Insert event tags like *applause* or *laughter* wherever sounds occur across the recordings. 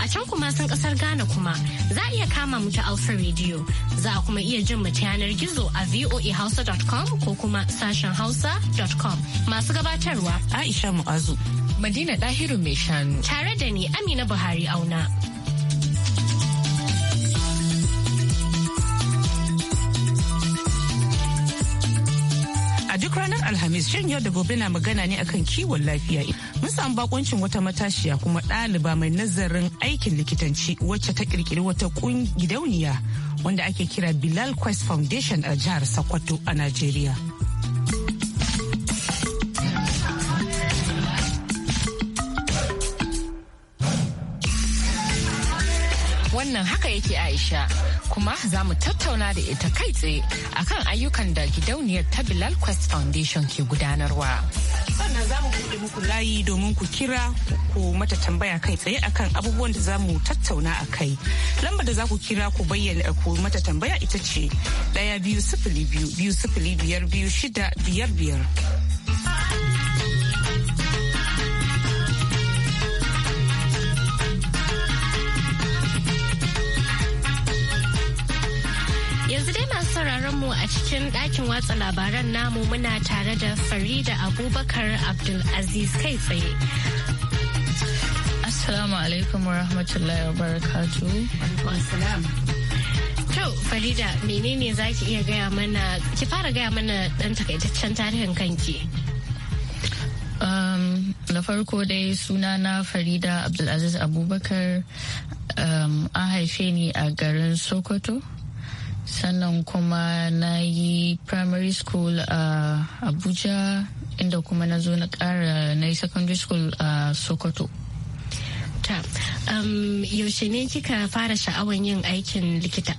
A can kuma sun kasar Ghana kuma za a iya kama mu ta Alpha Radio. Za a kuma iya jin mu ta yanar gizo a voahausa.com ko kuma sashen hausa.com. Masu gabatarwa Aisha Mu'azu. Madina Dahiru mai shanu. Tare da ni Amina Buhari auna. alhamis shan yau da gobe na magana ne akan kiwon lafiya mun samu bakoncin wata matashiya kuma ɗaliba mai nazarin aikin likitanci wacce ta kirkiri wata gidauniya wanda ake kira bilal quest foundation a jihar sokoto a najeriya wannan haka yake aisha kuma za mu tattauna da ita kai tsaye akan ayyukan da gidauniyar ta bilal quest foundation ke gudanarwa sannan za mu buɗe muku layi domin ku kira ku mata tambaya kai tsaye akan abubuwan da za mu tattauna a kai lambar da za ku kira ku bayyana eh, ku mata tambaya ita ce ɗaya biyu sifili biyu biyu sifili biyar biyu shida biyar biyar sauraron mu a cikin ɗakin watsa labaran namu muna tare da Farida Abubakar Abdulaziz kai tsaye. Assalamu alaikum wa rahmatullahi wa barakatu. To Farida menene za ki iya gaya mana ki fara gaya mana dan takaitaccen tarihin kanki. Um, na farko dai suna na Farida Abdulaziz Abubakar um, an haife ni a garin Sokoto. sannan kuma na yi primary school a uh, abuja inda kuma na zo na kara na yi secondary school a uh, sokoto um, yaushe ne kika fara sha'awar yin aikin likita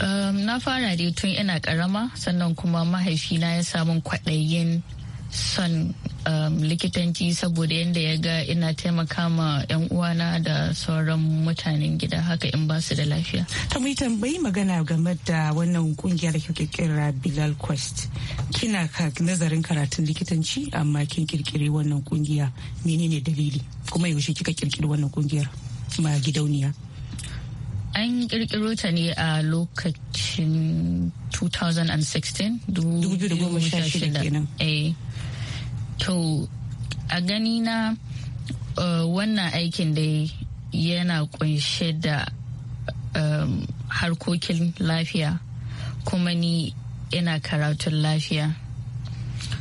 um, na fara da tun ina karama sannan kuma mahaifina ya samun kwaɗayin son um, likitanci saboda yadda ya ga ina taimaka ma 'yan uwana da sauran mutanen gida haka in ba su da lafiya. Ta mu tambayi magana game da wannan kungiyar da kirkira Bilal Quest. Kina ka nazarin karatun likitanci amma kin kirkiri wannan kungiya menene dalili kuma yaushe kika kirkiri wannan kungiyar ma gidauniya. an kirkiro ta ne a lokacin 2016 2016 eh to a gani na uh, wannan aikin dai yana kunshe da um, harkokin lafiya kuma ni ina karatun lafiya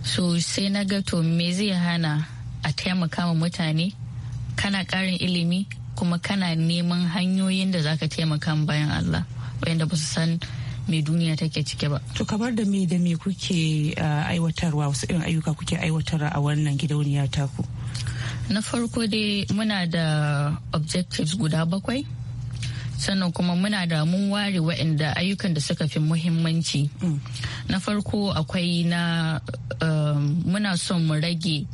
so sai na ga to me zai hana a taimaka wa mutane kana karin ilimi kuma kana neman hanyoyin da zaka taimaka bayan Allah wayanda ba su san me duniya take cike ba. To kamar da me da me kuke uh, aiwatarwa wasu irin ayyuka kuke aiwatarwa a wannan gidauniya taku? Na farko dai muna da objectives guda bakwai. sannan kuma muna da mun ware waɗanda ayyukan da suka fi muhimmanci mm. na farko akwai na um, muna son mu rage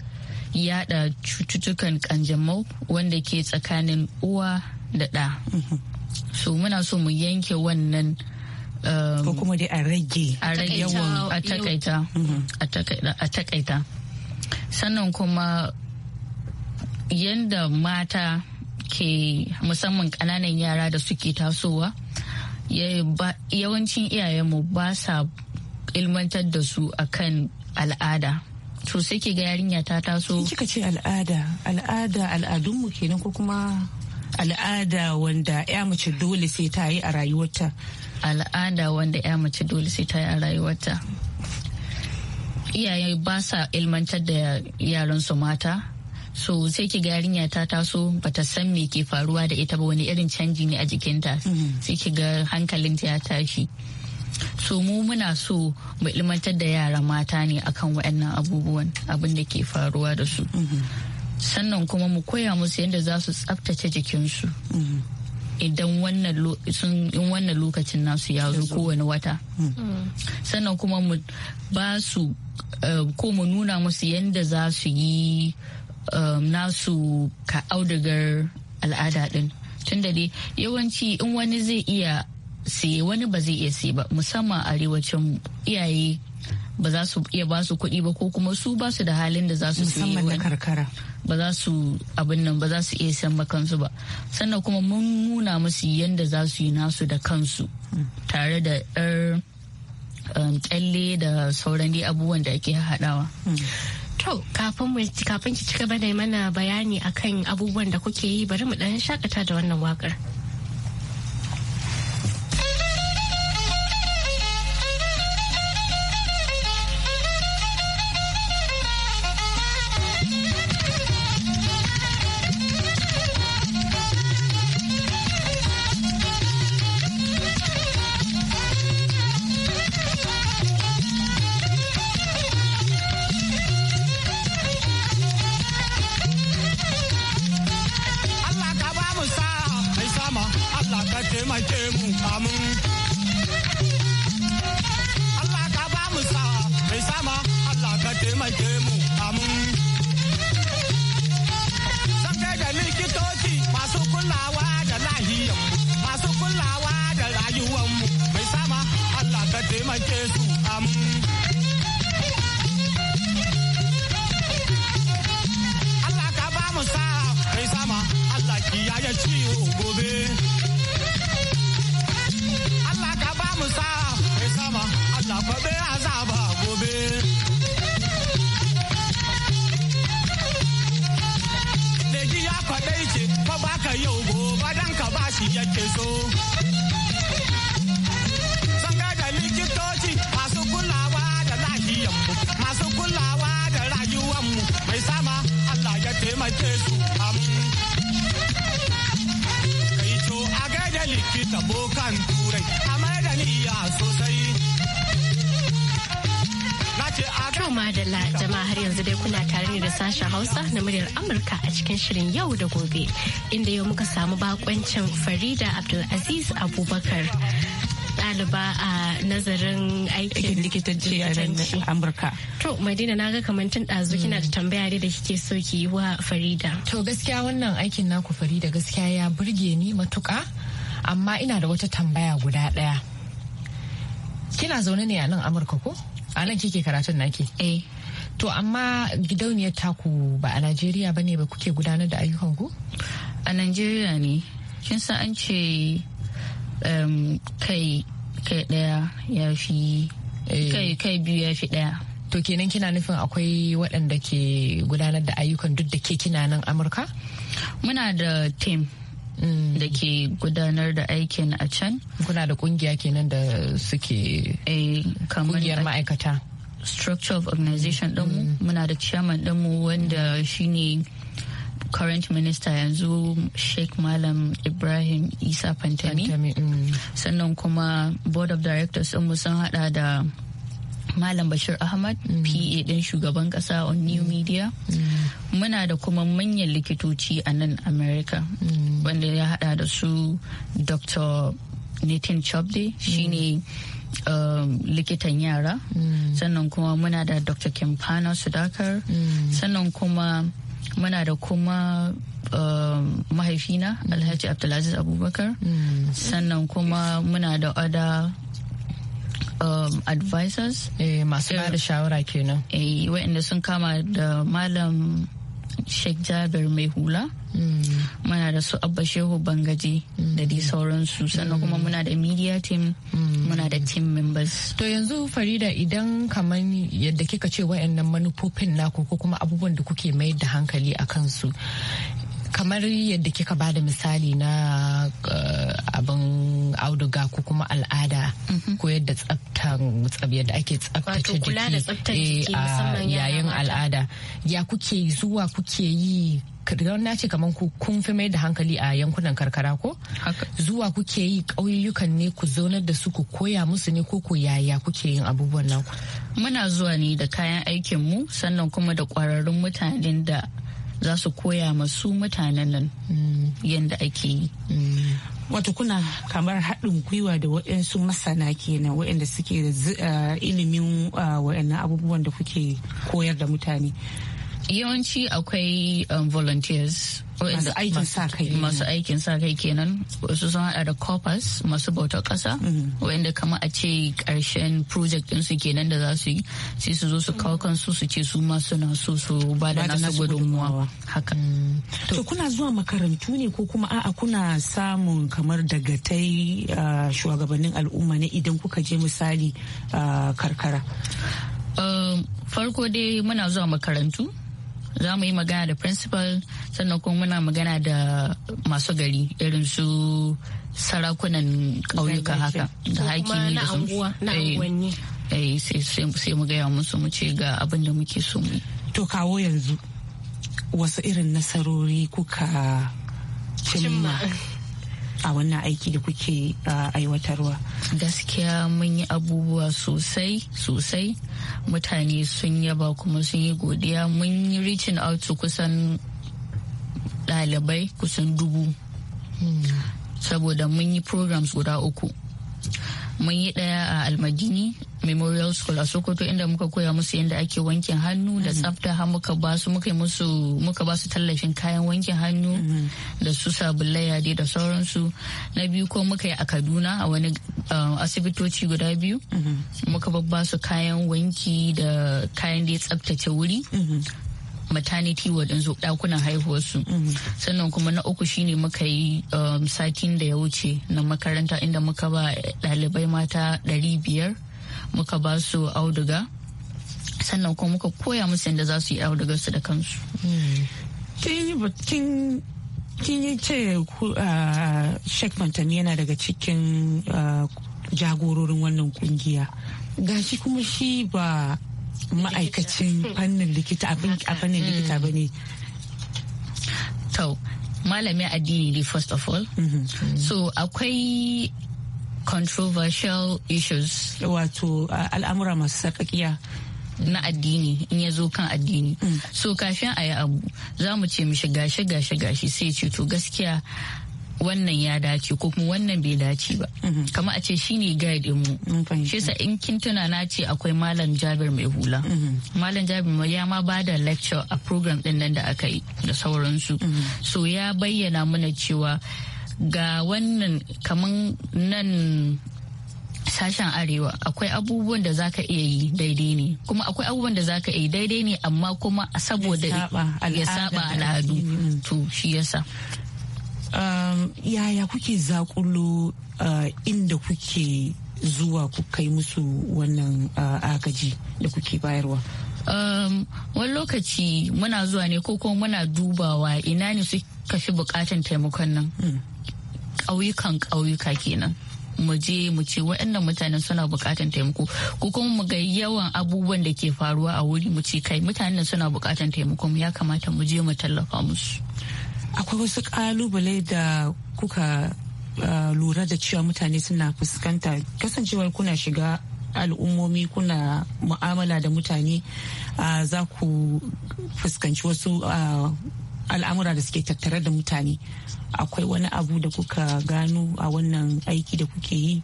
yada cututtukan kanjamau wanda ke tsakanin uwa da ɗa mm-hmm. so muna so mu yanke wannan Um, ko kuma dai a rage a rage yawan mhm. a takaita a sannan kuma yadda mata ke musamman ƙananan yara da suke tasowa yawancin iyayenmu ba sa ilmantar da su akan al'ada to sai ke ga yarinya ta taso kika ce al'ada al'ada al'adunmu kenan ko kuma al'ada wanda ya mace dole sai ta yi a rayuwarta al'ada wanda ya mace dole sai ta yi a rayuwarta iyaye ba sa ilmantar da yaransu mata so sai ki ga yarinya ta taso bata san me ke faruwa da ita ba wani irin canji ne a jikinta mm-hmm. sai ki ga hankalinta ya tashi so mu muna so mu ilmantar da yara mata ne akan waɗannan abubuwan abin da ke faruwa da su mm-hmm. sannan kuma mu koya musu yadda za su tsaftace jikinsu mm-hmm. idan wannan lokacin nasu ya zo kowane wata hmm. sannan kuma mu ba su eh, ko mu nuna musu yadda za su yi eh, nasu ka audigar al'ada din tun da yawanci in wani zai iya siye wani ba zai iya siye ba musamman arewacin iyaye ba za su iya ba su kuɗi ba ko kuma su ba su da halin da za su musamman da karkara ba za su abin nan ba za su iya san kansu ba sannan kuma mun nuna musu yadda za su yi nasu da kansu tare da yar kyalle um, da sauran dai abubuwan da ake haɗawa. Hmm. To kafin ki cika gaba da mana bayani akan abubuwan da kuke yi bari mu dan shakata da wannan wakar. Allah ka ba mu mai sama ka kai da likitoci masu kulawa da lahiyar masu kulawa da mai sama Allah ka taimake su amin ka mai sama ciwo gobe. gobe azaba gobe Leji ya faɗai ce fa baka yau gobe dan ka bashi yake so Sun da likitoci masu kulawa da lahiyanmu masu kulawa da rayuwanmu mai sama Allah ya taimake su Kai to a gaida likita bokan turai a mai da niyya sosai madalla jama'a har yanzu dai kuna tare ne da sashen hausa na muryar amurka a cikin shirin yau da gobe inda yau muka samu bakoncin farida abdulaziz abubakar ɗaliba a nazarin aikin likitanci a Amurka. To, Madina na ga kamantin ɗazu kina da tambaya dai da kike so ki yi wa Farida. To, gaskiya wannan aikin naku Farida gaskiya ya burge ni matuka amma ina da wata tambaya guda ɗaya. Kina zaune ne a nan Amurka ko? a nan kike karatun naki eh to amma gidauniyar taku ba a najeriya ba ne ba kuke gudanar da ayyukan ku a najeriya ne kin san an ce um, kai kai daya ya fi eh. kai kai biyu ya fi daya to kenan kina nufin akwai waɗanda ke gudanar da ayyukan duk da ke kina nan amurka muna da team Mm. da ke gudanar da aikin a can. Kuna da kungiya kenan da suke eh, kungiyar ma'aikata. Structure of organization mm. muna da chairman mu wanda shine current minister yanzu sheikh malam ibrahim isa fantami mm. sannan kuma board of directors mu sun hada da Malam Bashir Ahmad, PA ɗin shugaban kasa on New Media. Muna da kuma manyan likitoci a nan America. Mm. wanda ya hada da su dr nathan chobde shine um, likitan yara mm. sannan kuma muna da dr kimpano sudakar mm. sannan kuma muna da kuma um, mahaifina mm. alhaji abdulaziz abubakar mm. sannan kuma muna da ada um, advisors eh, masu da shawara kenan eh, waɗanda sun kama da malam Sheikh Jabir mai hula mm. muna da su Abba Shehu Bangaji da dai mm. sauransu sannan kuma muna da media team mm. muna da team members to yanzu Farida idan kamar yadda kika ce wa'annan manufofin naku ko kuma abubuwan da kuke mayar da hankali a kansu kamar yadda kika ba da misali na eh, abin auduga ko kuma al'ada mhm. ko yadda tsaftan yadda ake tsaftace jiki eh, yayin al'ada ya kuke zuwa kuke yi don na ce kamar kun fi mai da hankali a yankunan karkara ko zuwa kuke yi ƙauyukan ne ku zaunar da su ku koya musu ne ko ku yaya kuke yin abubuwan naku muna zuwa ne da kayan aikin mu sannan kuma da kwararrun mutanen da za su koya masu mutanen nan yadda ake yi wato kuna kamar haɗin gwiwa da waɗansu masana kenan waɗanda suke da eh, ilimin eh, waɗannan abubuwan da kuke koyar da mutane yawanci akwai um, volunteers masu aikin sa kai kenan wasu sun hada da corpus masu bautar kasa mm-hmm. wanda kama a ce karshen project din kenan da za su yi sai su zo su kawo kansu su ce su ma na so su ba da nasu gudunmuwa haka mm. to kuna zuwa makarantu ne ko kuma a'a kuna samun kamar dagatai uh, shugabannin al'umma ne idan kuka je misali uh, karkara um, farko dai muna zuwa makarantu za mu yi magana da principal sannan kuma muna magana da masu gari irin su sarakunan ƙauyuka haka da hakimi da sun eh, eh, sai mu gaya musu mu ce ga abin da muke so mu to kawo yanzu wasu irin nasarori kuka cimma a wannan aiki da kuke uh, aiwatarwa gaskiya mun yi abubuwa sosai sosai mutane sun yaba kuma sun yi godiya mun yi reaching out to kusan ɗalibai kusan dubu hmm. saboda mun yi programs guda uku mun yi ɗaya a almadini memorial school a sokoto inda muka koya musu yadda ake wankin hannu da mm-hmm. tsafta har muka ba su muka musu muka ba su tallafin kayan wankin hannu mm-hmm. da su sabulai da sauransu na biyu ko muka yi a kaduna a wani uh, asibitoci guda biyu mm-hmm. muka babba su kayan wanki da kayan da ya tsaftace wuri maternity ward ɗin ɗakunan haihuwarsu sannan kuma na uku shine muka yi um, satin da ya wuce na makaranta inda muka ba ɗalibai mata ɗari biyar muka ba su auduga sannan kuma muka koya musu yadda za su yi audugar su da kansu kin yi ce shek mantani yana daga cikin jagororin wannan kungiya gashi kuma shi ba ma'aikacin fannin likita a fannin mm-hmm. likita ba ne malami addini ne first of all mm-hmm. so akwai controversial issues wato al'amura masu sarkakiya na addini in ya zo kan addini mm. so kafin a yi abu za mu ce mishi gashi gashi gashi sai ce to gaskiya wannan ya dace ko kuma wannan bai dace ba mm-hmm. kama a ce shi shine guide mu shi sa in kin tuna na ce akwai malam jabir mai hula mm-hmm. malam jabir mai ya ma bada lecture a program din nan da aka yi da sauransu mm-hmm. so ya bayyana mana cewa ga wannan kaman nan sashen arewa akwai abubuwan da zaka iya yi daidai ne kuma akwai abubuwan da zaka iya yi daidai ne amma kuma saboda ya saba al'adu to shi yasa um, yaya kuke zakulo uh, inda kuke zuwa ku kai musu wannan uh, agaji da kuke bayarwa um, wani lokaci muna zuwa ne ko kuma muna dubawa ina ne suka fi bukatan taimakon nan hmm. ƙauyukan ƙauyuka kenan mu je mu ce waɗannan mutanen suna buƙatar taimako ko kuma mu ga yawan abubuwan da ke faruwa a wuri mu ce kai mutanen suna buƙatar taimako ya kamata mu je mu tallafa musu akwai wasu ƙalubale da kuka lura da cewa mutane suna fuskanta kasancewar kuna shiga al'ummomi kuna mu'amala da mutane za ku fuskanci wasu al'amura da suke tattare da mutane akwai wani abu da kuka gano a wannan aiki da kuke yi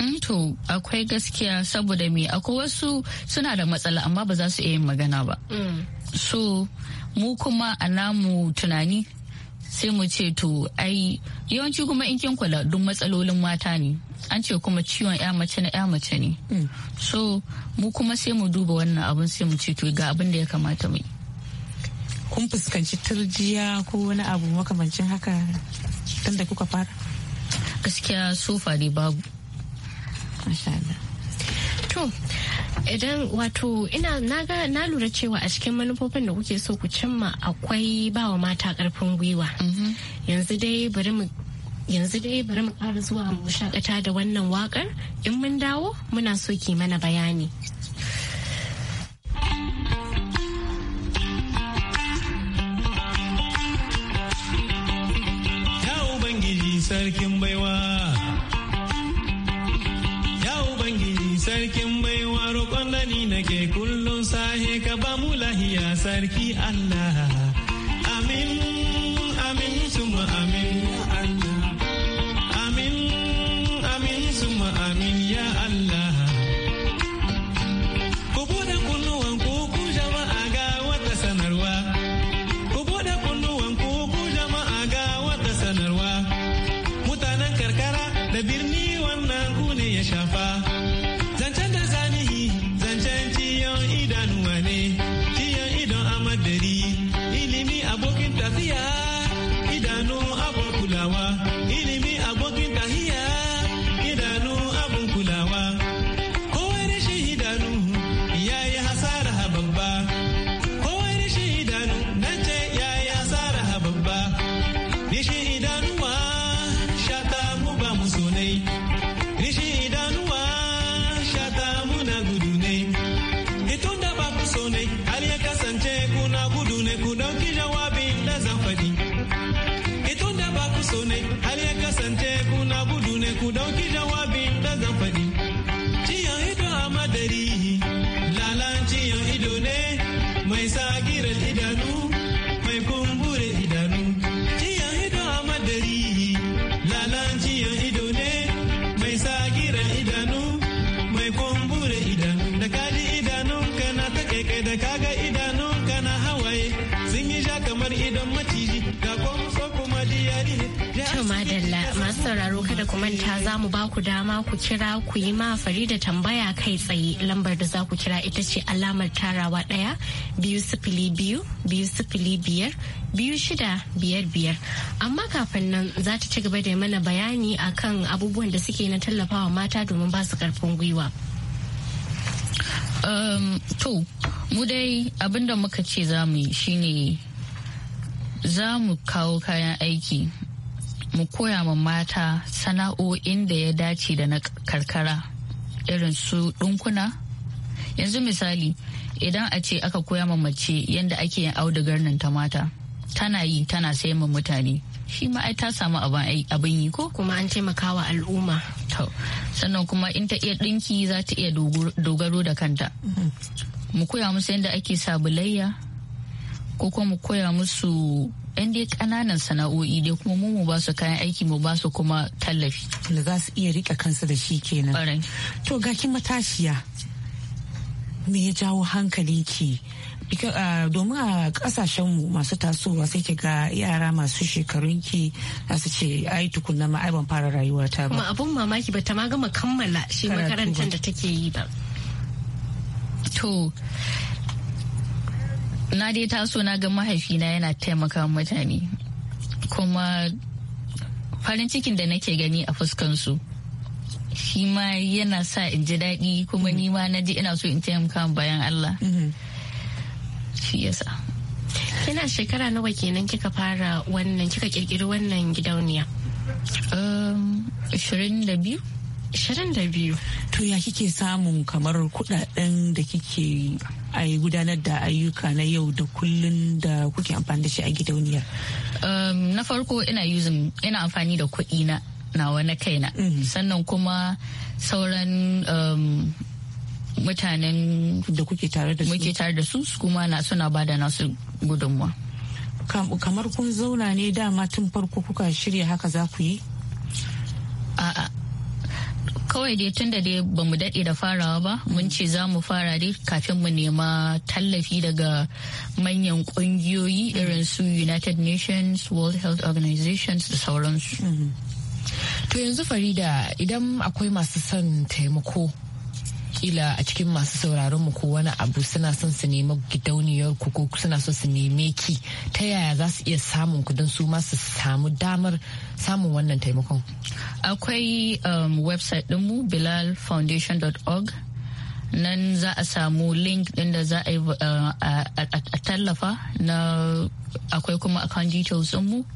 mm, to akwai gaskiya saboda me akwai wasu suna da matsala amma ba za su iya yin magana ba mm. so mu kuma a namu tunani sai mu ce to ai yawanci kuma in kin kula duk matsalolin mata ne an ce kuma ciwon ya mace na ya mace ne mm. so mu kuma sai mu duba wannan abun sai mu ce to ga abin da ya kamata mu kun fuskanci turjiya ko wani abu makamancin haka tun da kuka fara gaskiya sofa ne babu to idan wato ina naga na lura cewa a cikin manufofin da kuke so ku cimma akwai bawa mata karfin gwiwa mm-hmm. yanzu dai bari mu yanzu dai bari mu ƙara zuwa mu shakata da wannan wakar in mun dawo muna so ki mana bayani sarkin baiwa ya ubangiji sarkin baiwa roƙon da ni nake kullum sahe ka ba mu lahiya sarki allah ku manta za mu ba ku dama ku kira ku yi ma fari da tambaya kai tsaye lambar da za ku kira ita ce alamar tarawa ɗaya biyu sifili biyu biyu sifili biyar biyu shida biyar biyar amma kafin nan za ta ci gaba da mana bayani akan abubuwan da suke na tallafawa mata domin ba su karfin gwiwa. Um, to, mu dai abinda muka ce za yi shine za mu kawo kayan aiki mu koya ma mata sana'o'in da ya dace da na karkara irin su ɗunkuna yanzu misali idan a ce aka koya ma mace yadda ake yin audugar nan ta mata tana yi tana sayan ma mutane shi ma ai ta samu abin yi ko kuma an taimaka wa al'umma sannan kuma in ta iya ɗinki za ta iya dogaro da kanta mm-hmm. mu koya musu yadda ake sabulayya ko kuma mu koya musu 'yan dai kananan sana'o'i dai kuma mu mu ba su kayan aiki mu ba su kuma tallafi da za su iya rike kansu da shi kenan to ga kin matashiya me ya jawo hankali ki? domin a mu masu tasowa sai ki ga yara masu shekarun ki za su ce ai tukunna ma ai ban fara rayuwa ta ba. abun mamaki ba ta ma gama kammala shi makarantar da take yi ba. To na dai taso na ga mahaifina yana taimaka mutane kuma farin cikin da nake gani a fuskansu shi ma yana sa in ji daɗi kuma ni ma na ji ina so in taimaka bayan Allah mm-hmm. shi yasa kina shekara nawa kenan kika fara wannan kika kirkiri wannan gidauniya um, da biyu. to ya kike samun kamar kudaden da kike a gudanar da ayyuka na yau da kullun da kuke amfani da shi a gidauniyar? Um, na farko ina using ina amfani da kuɗi na nawa na kaina mm-hmm. sannan kuma sauran um, mutanen da kuke tare da su muke tare da su kuma na suna da nasu gudunmuwa kamar kun zauna ne dama tun farko kuka shirya haka za ku yi a'a kawai dai tun da dai ba mu daɗe da farawa ba mun ce za mu fara dai kafin mu nema tallafi daga manyan ƙungiyoyi irin su united nations world health organizations da sauransu mm-hmm. to yanzu farida idan akwai masu son taimako kila a cikin masu sauraron mu ko wani abu suna son su nemi gidauniyar ku ko suna son su neme ki ta yaya za su iya samun ku don su ma su samu damar samun wannan taimakon akwai um, website dinmu bilalfoundation.org nan za a samu link din da za a uh, tallafa na akwai kuma account details mu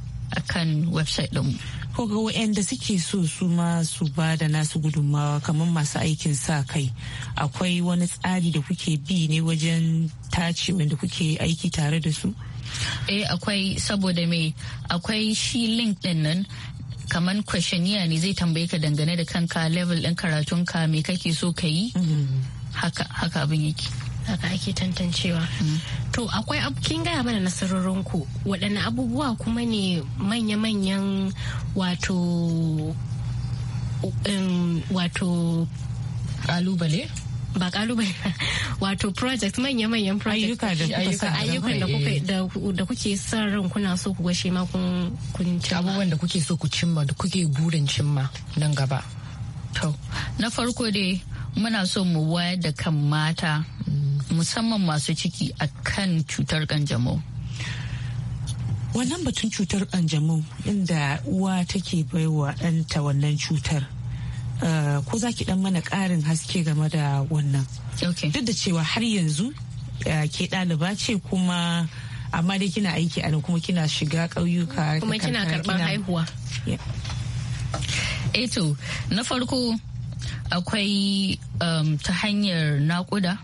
kan website ɗin ko ga waɗanda suke so su ma su ba da nasu gudunmawa kamar masu aikin sa kai akwai wani tsari da kuke bi ne wajen tace wanda kuke aiki tare da su eh akwai saboda me akwai shi link din nan kamar questionnaire ne zai tambaye ka dangane da kanka level ɗin karatunka me kake so ka yi mm-hmm. haka abin yake haka ake tantancewa to akwai kin gaya mana nasarorin ku waɗanne abubuwa kuma ne manya-manyan wato um, wato kalubale ba kalubale *laughs* wato project manya-manyan project ayyukan da eh. kuke son ran kuna so ku gwashe ma kun cimma abubuwan da kuke so ku cimma da kuke burin cimma nan gaba to na farko dai muna so mu wayar da kan mata musamman masu ciki a kan cutar kanjamau wannan batun cutar kanjamau inda uwa take baiwa ɗanta wannan cutar eh, ko za ki dan mana ƙarin haske game da wannan duk da cewa har yanzu eh, ke ɗaliba ce kuma amma dai kina aiki a kuma kina shiga ƙauyuka kuma kina karɓar haihuwa eto eh na farko akwai um, ta hanyar naƙuda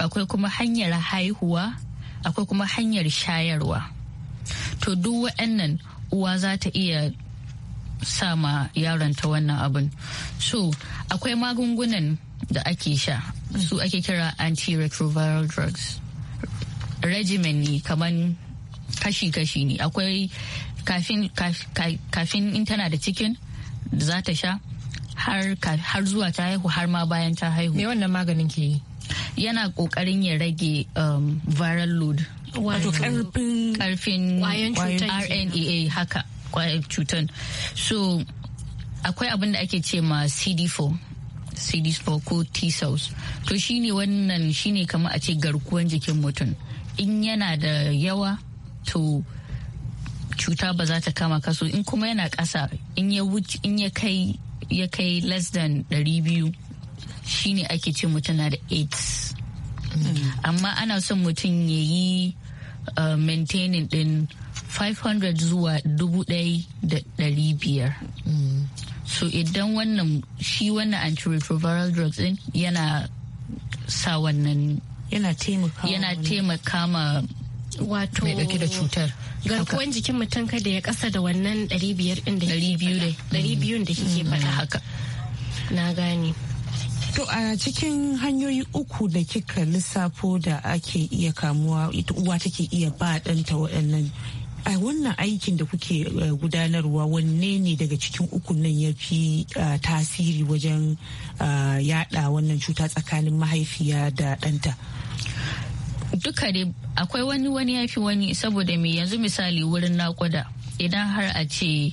akwai kuma hanyar haihuwa akwai kuma hanyar shayarwa to duk wa'annan uwa za ta iya sama ta wannan abin so akwai magungunan da ake sha su ake kira antiretroviral drugs regimen ne kamar kashi-kashi ne akwai kafin, in tana da cikin za ta sha har, zuwa ta haihu har ma bayan ta haihu me wannan maganin ke yi yana kokarin ya rage um, viral load wato karfin rna eh, haka kwayar cutar so akwai abin ake ce ma cd4 cd4 ko t cells to shine wannan shine kamar a ce garkuwan jikin mutum in yana da yawa to cuta ba za ta kama kaso in kuma yana kasa in ya kai ya kai less than 200 shine ake ce mutum na da aids Mm. amma ana son mutum ya yi uh, maintaining din 500 zuwa 1,500 mm. so idan wannan shi wannan antiretroviral drugs din yana sa wannan yana taimaka ma wato mai dauke da cutar garkuwan jikin mutum kada ya kasa da wannan 500 din da 200 da kike mm. faɗa haka na gane To a cikin hanyoyi uku da kika lissafo da ake iya kamuwa ita uwa take iya ba ɗanta waɗannan a wannan aikin da kuke eh, gudanarwa wanne ne daga cikin ukun nan ya fi tasiri wajen yada wannan cuta tsakanin mahaifiya da ɗanta duka dai akwai wani wani ya fi wani saboda me yanzu misali wurin nakuda idan har a ce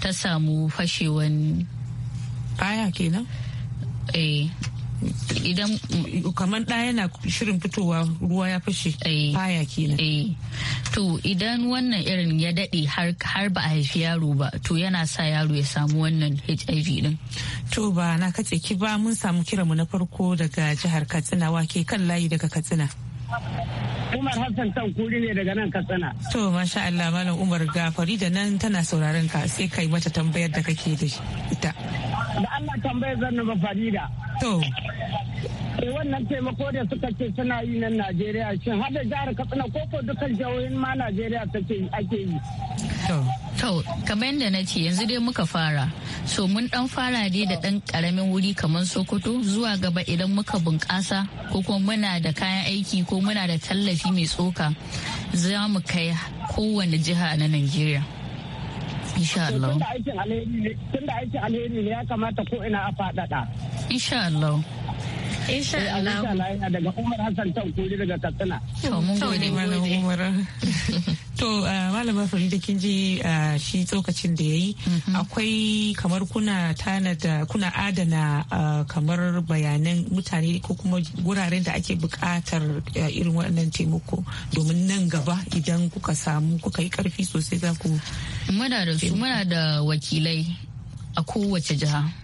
ta samu fashewan baya kenan Eh. idan kamar ɗaya yana shirin fitowa ruwa ya fashe faya eh. kenan eh. to idan wannan irin ya daɗe har ba a haifi yaro ba to yana sa yaro ya samu wannan hiv din to ba na katse ki ba mun samu kiranmu na farko daga jihar katsina wake kan layi daga katsina Umar Hassan kuri ne daga nan Katsina. To masha Allah Malam Umar ga Farida nan tana sauraron ka sai kai mata tambayar da kake da ita. Da Allah tambayar zan ba Farida. To. Eh, wannan taimako da suka ce suna yi nan Najeriya shin har da jihar Katsina ko ko dukkan jihohin ma Najeriya take ake yi. To, kamar yadda na ce yanzu dai muka fara. So mun dan fara dai da dan karamin wuri kamar Sokoto zuwa gaba idan muka bunƙasa ko kuma muna da kayan aiki ko muna da tallafi mai tsoka za mu kai kowane jiha na Najeriya. Insha Allah. Tunda aikin alheri ne ya kamata ko ina a faɗaɗa. Insha Allah. Insha Allah. daga Umar Hassan Tan Kuri daga Katsina. To mun gode mana Umar. *laughs* To uh, malama kin ji uh, shi tsokacin da yayi mhm. akwai kamar kuna tanada kuna adana uh, kamar bayanan mutane ko kuma wuraren da ake buƙatar irin waɗannan taimako domin nan gaba idan kuka samu kuka yi karfi sosai za ku. Muna da su muna da wakilai a kowace jiha.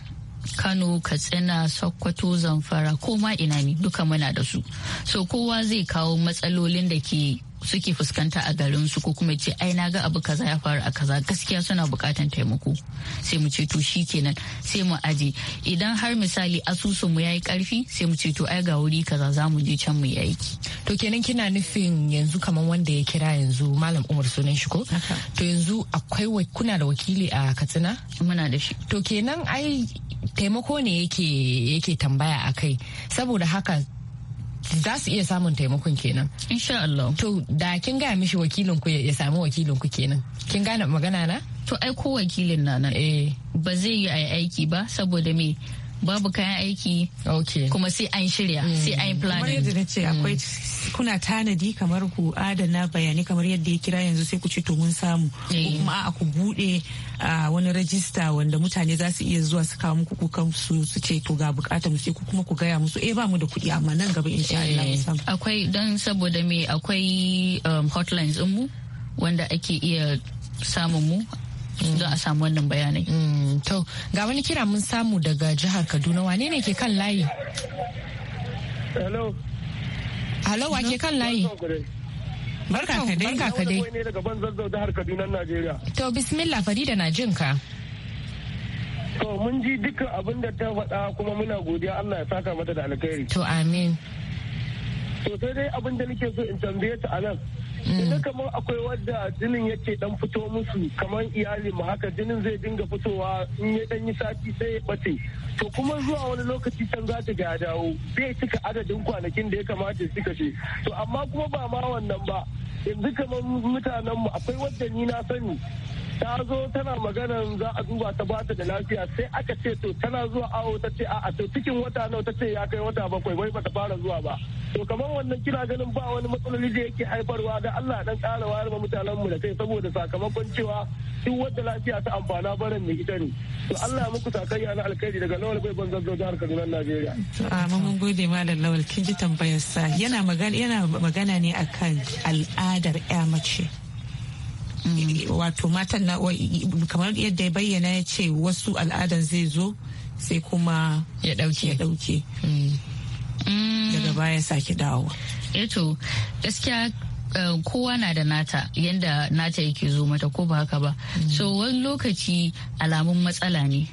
kano katsina sokoto zamfara ko ma ina ne duka muna da su so kowa zai kawo matsalolin da ke suke fuskanta a garin su ko kuma ce ai na ga abu kaza ya faru a kaza gaskiya suna bukatan taimako sai mu ce to kenan sai mu aje idan har misali asusun mu yayi karfi sai mu ce to ai ga wuri kaza za mu je can mu yi aiki to kenan kina nufin yanzu kaman wanda ya kira yanzu malam Umar sunan shi ko to yanzu akwai kuna da wakili a Katsina muna da shi to kenan ai taimako ne yake yake tambaya akai saboda haka za su iya samun taimakon kenan insha Allah to da kin gaya mishi wakilin ku ya samu wakilin ku kenan kin gane magana na to ai ko wakilin na nan eh ba zai yi aiki ba saboda me babu kayan aiki okay. kuma sai an shirya mm. sai an planning kamar yadda ce mm. akwai kuna tanadi kamar ku adana bayanai kamar yadda ya kira yanzu sai ku ce to mun samu ko eh. kuma a ku bude wani rajista wanda mutane za su iya zuwa su kawo muku kukan su su ce to ga bukatar mu sai ku kuma ku gaya musu eh ba mu da kuɗi amma nan gaba insha Allah eh. akwai dan saboda me akwai um, hotlines din mu wanda ake iya samun mu za a samu wannan bayanai. Mm, to ga wani kira mun samu daga jihar Kaduna wane ne ke kan layi? Hello. Hello wa ke kan layi? Barka ka dai. Barka ka dai. ne daga banzan jihar Kaduna Najeriya. To bismillah Farida na jin ka. To mun ji duka abin da ta faɗa kuma muna godiya Allah ya saka mata da alkhairi. To amin. To sai dai abin da nake so in tambaye ta a nan. Mm. Ina kamar akwai wadda jinin yake dan fito musu kamar iyali ma haka jinin zai dinga fitowa in ya dan yi sati sai ya bace. To kuma zuwa wani lokaci can za ta ga dawo bai cika adadin kwanakin da ya kamata ya kashe. To amma kuma ba ma wannan ba yanzu kamar mutanen mu akwai wadda ni na sani ta zo tana maganan za a duba ta bata da lafiya sai aka ce to tana zuwa awo ta ce a'a to cikin wata nawa ta ce ya kai wata bakwai wai bata fara zuwa ba to kamar wannan kina ganin ba wani matsaloli da yake haifarwa da Allah dan kara wayar ma mutanen mu da kai saboda sakamakon cewa duk wanda lafiya ta amfana barin ne ita ne to Allah ya muku sakayya na alkhairi daga lawal bai ban zazzo jihar Kaduna Najeriya a mun gode malam lawal kin ji tambayar sa yana magana yana magana ne akan al'adar ƴa mace wato matan na kamar yadda ya bayyana ya ce wasu al'adan zai zo sai kuma ya dauke ya dauke hmm. daga baya sake dawo eto eh gaskiya eh, kowa na da nata yadda nata yake zo mata ko ba haka ba hmm. so wani lokaci alamun matsala ne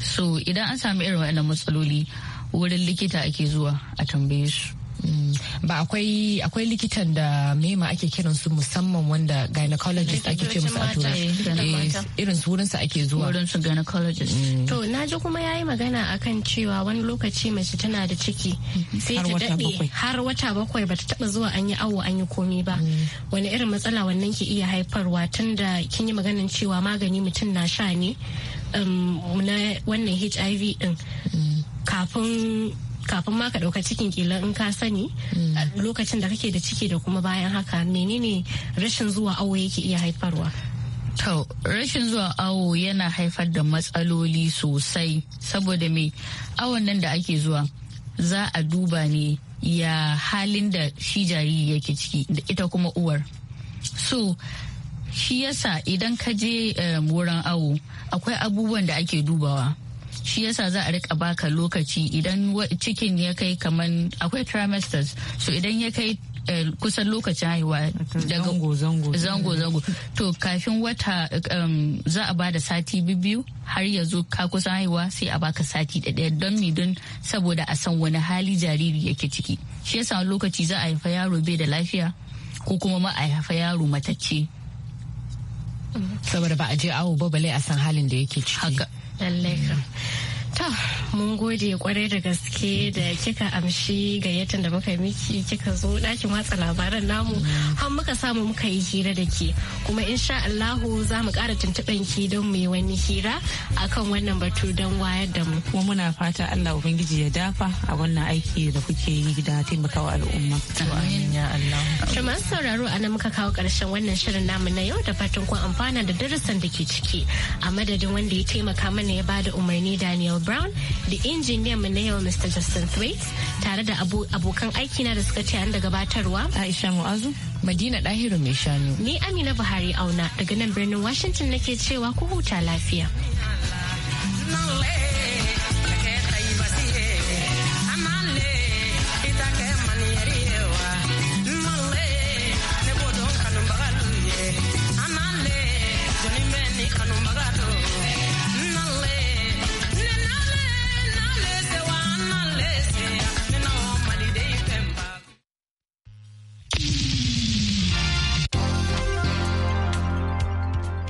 so idan an sami irin waɗannan matsaloli wurin likita ake zuwa a tambaye su Mm. ba akwai akwai likitan da mema ake kiran su musamman wanda gynecologist ake ce musu a turanci eh, irin su wurin su ake zuwa wurin su gynecologist mm. to na ji kuma yayi magana akan cewa wani lokaci mace tana da ciki mm-hmm. sai ta dade har wata bakwai bata taba zuwa an yi awo an yi komi ba mm. wani irin matsala wannan ke iya haifarwa tunda kin yi maganin cewa magani mutum na sha ne um, na wannan hiv din kafin kafin ma ka ɗauka cikin kila in ka sani mm. lokacin da kake da ciki da kuma bayan haka menene rashin zuwa awo yake iya haifarwa To, rashin zuwa awo yana haifar da matsaloli sosai saboda me awon nan da ake zuwa za a duba ne ya halin da shi jariri yake ciki da ita kuma uwar. So, shi yasa idan ka je eh, wurin awo akwai abubuwan da ake dubawa. shi yasa za a rika baka lokaci idan cikin ya kai kaman akwai trimesters so idan ya kai eh, kusan lokacin haihuwa daga zango-zango to kafin wata um, za a bada sati biyu har ya zo ka kusan haihuwa sai a baka sati ɗaya don mi don saboda a san wani hali jariri yake ciki shi yasa lokaci za a haifa yaro bai da lafiya ko kuma ma a haifa yaro matacce saboda ba a je awo ba balai a san halin da yake ciki aleja ta mun gode kwarai da gaske da kika amshi gayyatar da muka miki kika zo ɗakin watsa labaran namu har muka samu muka yi hira da ke kuma insha Allahu za mu ƙara tuntuɓen ki don mu yi wani hira akan wannan batu don wayar da mu. Kuma muna fata Allah Ubangiji ya dafa a wannan aiki da kuke yi da taimakawa al'umma. Amin sauraro a nan muka kawo ƙarshen wannan shirin namu na yau da fatan kun amfana da darasin da ke ciki a madadin wanda ya taimaka mana ya bada umarni Daniel Brown da injiniyan mu na yau Mr. Justin Thwaites tare da abokan aikina da suka tayar da gabatarwa. Aisha Mu'azu. Madina Dahiru mai shanu. Ni Amina Buhari auna daga nan birnin Washington nake cewa ku huta lafiya.